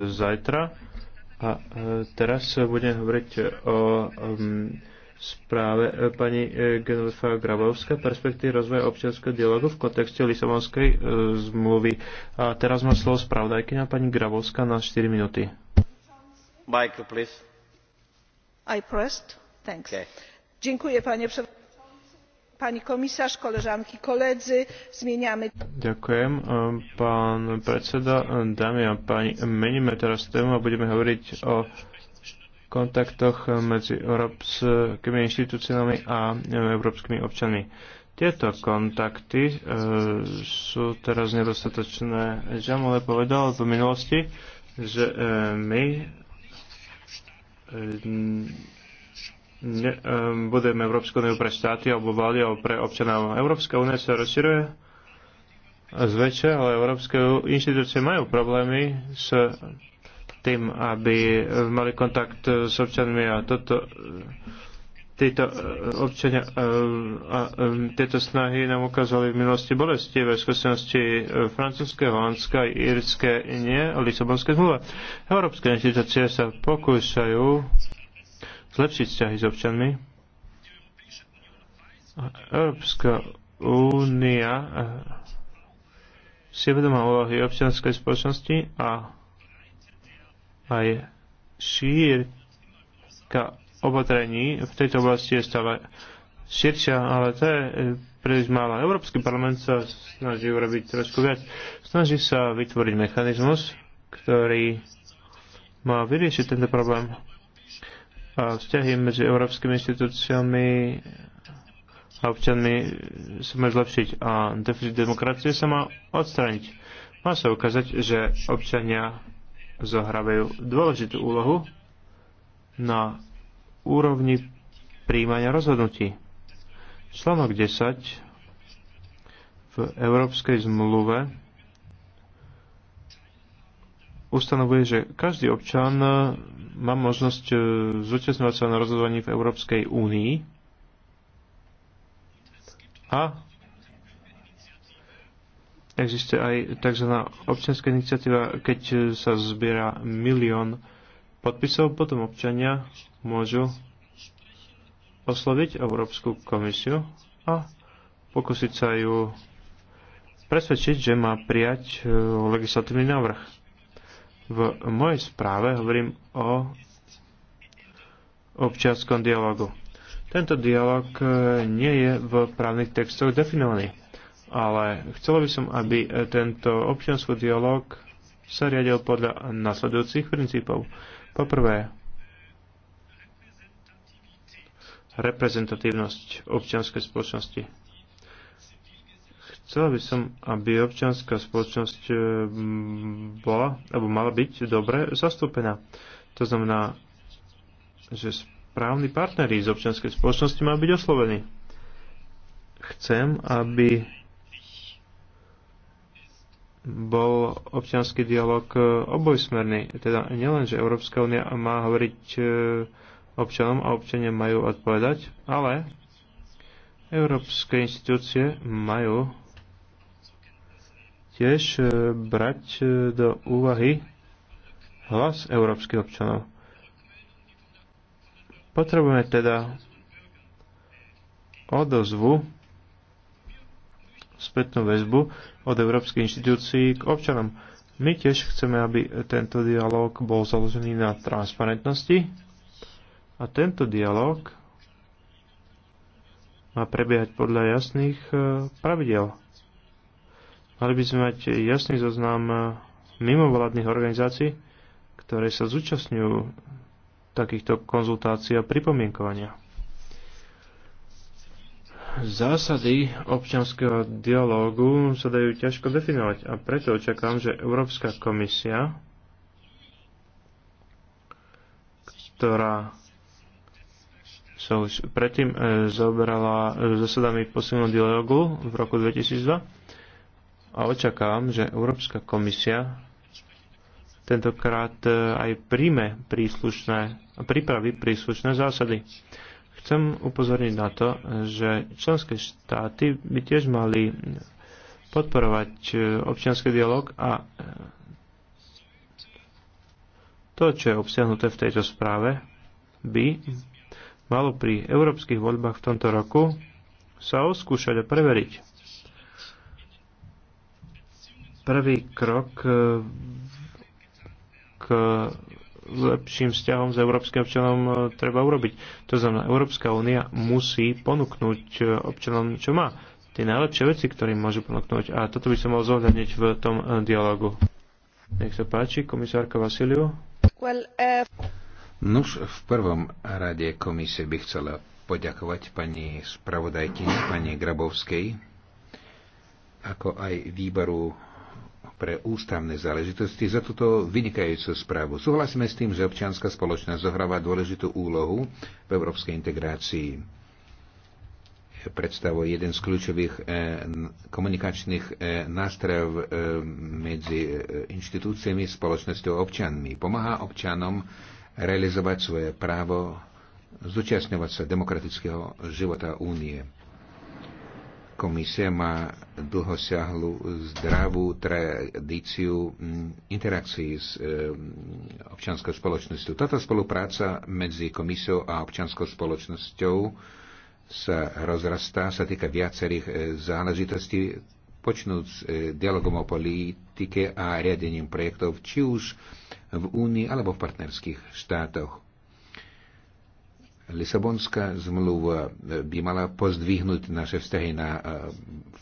zajtra. A e, teraz budem hovoriť o správe e, pani e, Genovefa Grabovská perspektívy rozvoja občianského dialogu v kontexte Lisabonskej zmluvy. A teraz má slovo spravodajkyňa pani Grabovská na 4 minúty. Michael, please. I pressed. Thanks. Okay. Dziękuję, panie przewodniczący pani komisarz, koleżanki, koledzy, zmieniamy... Ďakujem, e, pán predseda, e, dámy a páni. Meníme teraz tému a budeme hovoriť o kontaktoch medzi európskymi inštitúciami a e, európskymi občanmi. Tieto kontakty e, sú teraz nedostatočné. Žamole povedal v minulosti, že e, my e, ne, um, ehm, budeme Európsku úniu pre štáty alebo vlády alebo pre občanov. Európska únia sa rozširuje zväčšia, ale európske inštitúcie majú problémy s tým, aby mali kontakt s občanmi a toto tieto eh, občania eh, a eh, tieto snahy nám ukázali v minulosti bolestivé skúsenosti francúzske, holandské, írske, nie, Lisabonské zmluva. Európske inštitúcie sa pokúšajú zlepšiť vzťahy s občanmi. Európska únia eh, si vedomá úlohy občianskej spoločnosti a aj šírka opatrení v tejto oblasti je stále širšia, ale to je eh, príliš málo. Európsky parlament sa snaží urobiť trošku viac. Snaží sa vytvoriť mechanizmus, ktorý má vyriešiť tento problém vzťahy medzi európskymi inštitúciami a občanmi sa môže zlepšiť a deficit demokracie sa má odstrániť. Má sa ukázať, že občania zohrávajú dôležitú úlohu na úrovni príjmania rozhodnutí. Článok 10 v Európskej zmluve ustanovuje, že každý občan mám možnosť e, zúčastňovať sa na rozhodovaní v Európskej únii a existuje aj tzv. občianská iniciatíva, keď e, sa zbiera milión podpisov, potom občania môžu osloviť Európsku komisiu a pokúsiť sa ju presvedčiť, že má prijať e, legislatívny návrh. V mojej správe hovorím o občianskom dialogu. Tento dialog e, nie je v právnych textoch definovaný, ale chcela by som, aby e, tento občianský dialog sa riadil podľa nasledujúcich princípov. Poprvé, reprezentatívnosť občianskej spoločnosti Chcela by som, aby občianská spoločnosť e, bola, alebo mala byť dobre zastúpená. To znamená, že správni partneri z občianskej spoločnosti majú byť oslovení. Chcem, aby bol občianský dialog e, obojsmerný. Teda nielen, že Európska únia má hovoriť e, občanom a občania majú odpovedať, ale európske inštitúcie majú tiež e, brať e, do úvahy hlas európskych občanov. Potrebujeme teda odozvu, spätnú väzbu od európskych inštitúcií k občanom. My tiež chceme, aby tento dialog bol založený na transparentnosti a tento dialog má prebiehať podľa jasných e, pravidel. Mali by sme mať jasný zoznam eh, mimovládnych organizácií, ktoré sa zúčastňujú takýchto konzultácií a pripomienkovania. Zásady občianského dialógu sa dajú ťažko definovať a preto očakám, že Európska komisia, ktorá sa už predtým eh, zaoberala eh, zásadami posilného dialógu v roku 2002, a očakávam, že Európska komisia tentokrát e, aj príjme príslušné, pripraví príslušné zásady. Chcem upozorniť na to, že členské štáty by tiež mali podporovať e, občianský dialog a e, to, čo je obsiahnuté v tejto správe, by malo pri európskych voľbách v tomto roku sa oskúšať a preveriť prvý krok e, k lepším vzťahom s európskym občanom e, treba urobiť. To znamená, Európska únia musí ponúknuť e, občanom, čo má. Tie najlepšie veci, ktorým môžu ponúknuť. A toto by som mal zohľadniť v tom dialogu. Nech sa páči, komisárka Vasiliu. Well, uh... Nuž v prvom rade komisie by chcela poďakovať pani spravodajkyni, pani Grabovskej, ako aj výboru pre ústavné záležitosti za túto vynikajúcu správu. Súhlasíme s tým, že občianská spoločnosť zohráva dôležitú úlohu v európskej integrácii. Predstavuje jeden z kľúčových eh, komunikačných eh, nástrojov eh, medzi inštitúciami, spoločnosťou a občanmi. Pomáha občanom realizovať svoje právo zúčastňovať sa demokratického života únie Komisia má dlhosiahlu zdravú tradíciu mm, interakcií s e, občianskou spoločnosťou. Táto spolupráca medzi komisiou a občianskou spoločnosťou sa rozrastá, sa týka viacerých e, záležitostí, počnúc e, dialogom o politike a riadením projektov, či už v Únii alebo v partnerských štátoch. Lisabonská zmluva e, by mala pozdvihnúť naše vztahy na e,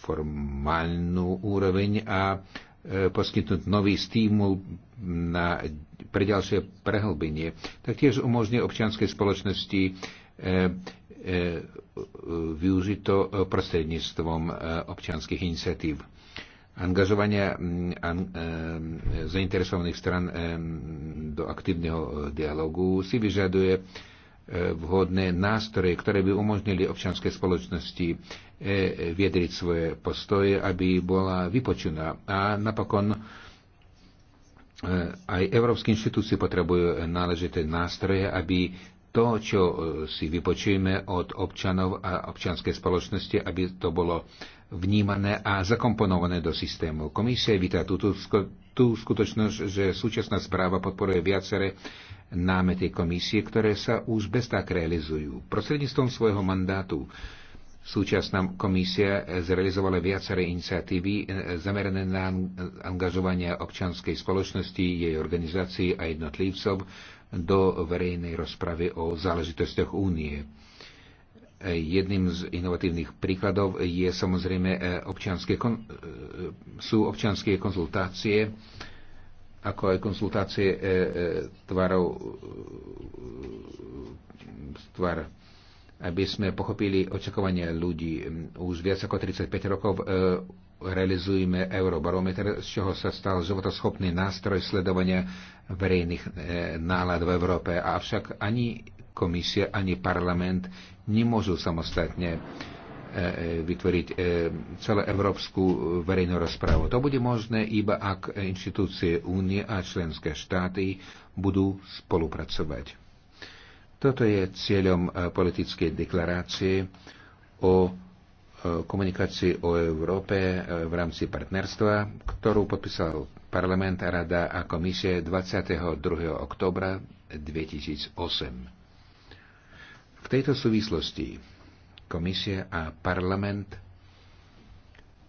formálnu úroveň a e, poskytnúť nový stimul na, pre ďalšie prehlbenie. Taktiež umožňuje občianskej spoločnosti využiť to prostredníctvom občianských iniciatív. Angažovania mm, zainteresovaných stran do aktívneho dialogu si vyžaduje E, vhodné nástroje, ktoré by umožnili občianskej spoločnosti e, viedriť svoje postoje, aby bola vypočuná. A napokon e, aj európske inštitúcie potrebujú náležité nástroje, aby to, čo si vypočujeme od občanov a občianskej spoločnosti, aby to bolo vnímané a zakomponované do systému. Komisia vítá túto tú skutočnosť, že súčasná správa podporuje viacere námety komisie, ktoré sa už bez tak realizujú. Prostredníctvom svojho mandátu súčasná komisia zrealizovala viaceré iniciatívy e, zamerané na angažovanie občianskej spoločnosti, jej organizácií a jednotlivcov do verejnej rozpravy o záležitostiach únie. Jedným z inovatívnych príkladov je samozrejme e, občianské kon- e, sú občianské konzultácie, ako aj konzultácie e, tvarov tvar aby sme pochopili očakovania ľudí. Už viac ako 35 rokov realizujeme eurobarometer, z čoho sa stal životoschopný nástroj sledovania verejných nálad v Európe. Avšak ani komisia ani parlament nemôžu samostatne e, e, vytvoriť e, celé európsku verejnú rozprávu. To bude možné iba ak inštitúcie únie a členské štáty budú spolupracovať. Toto je cieľom politickej deklarácie o komunikácii o Európe v rámci partnerstva, ktorú podpísal parlament, rada a komisie 22. oktobra 2008. V tejto súvislosti komisia a parlament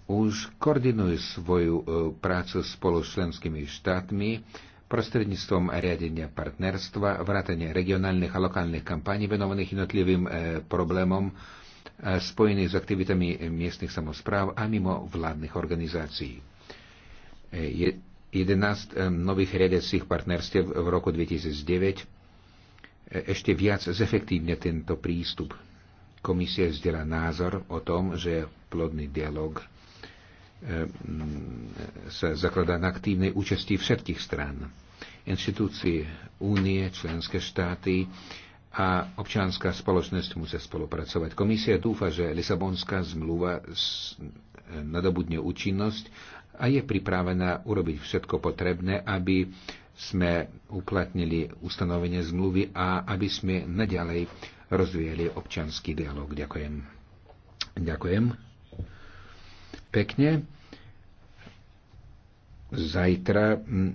už koordinujú svoju e, prácu spolu s členskými štátmi prostredníctvom riadenia partnerstva, vrátania regionálnych a lokálnych kampaní venovaných jednotlivým e, problémom e, spojených s aktivitami miestnych samozpráv a mimo vládnych organizácií. 11 nových riadiacich partnerstiev v roku 2009 E, ešte viac zefektívne tento prístup. Komisia zdieľa názor o tom, že plodný dialog e, sa zakladá na aktívnej účasti všetkých strán. Inštitúcie únie, členské štáty a občianská spoločnosť musia spolupracovať. Komisia dúfa, že Lisabonská zmluva e, nadobudne účinnosť a je pripravená urobiť všetko potrebné, aby sme uplatnili ustanovenie zmluvy a aby sme naďalej rozvíjali občanský dialog. Ďakujem. Ďakujem. Pekne. Zajtra mm,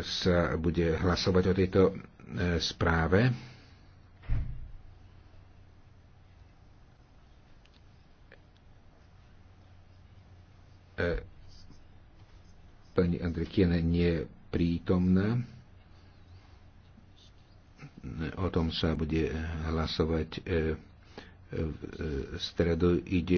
e, sa bude hlasovať o tejto e, správe. E, pani Andrikiene nie prítomná. O tom sa bude hlasovať e, e, v stredu. Ide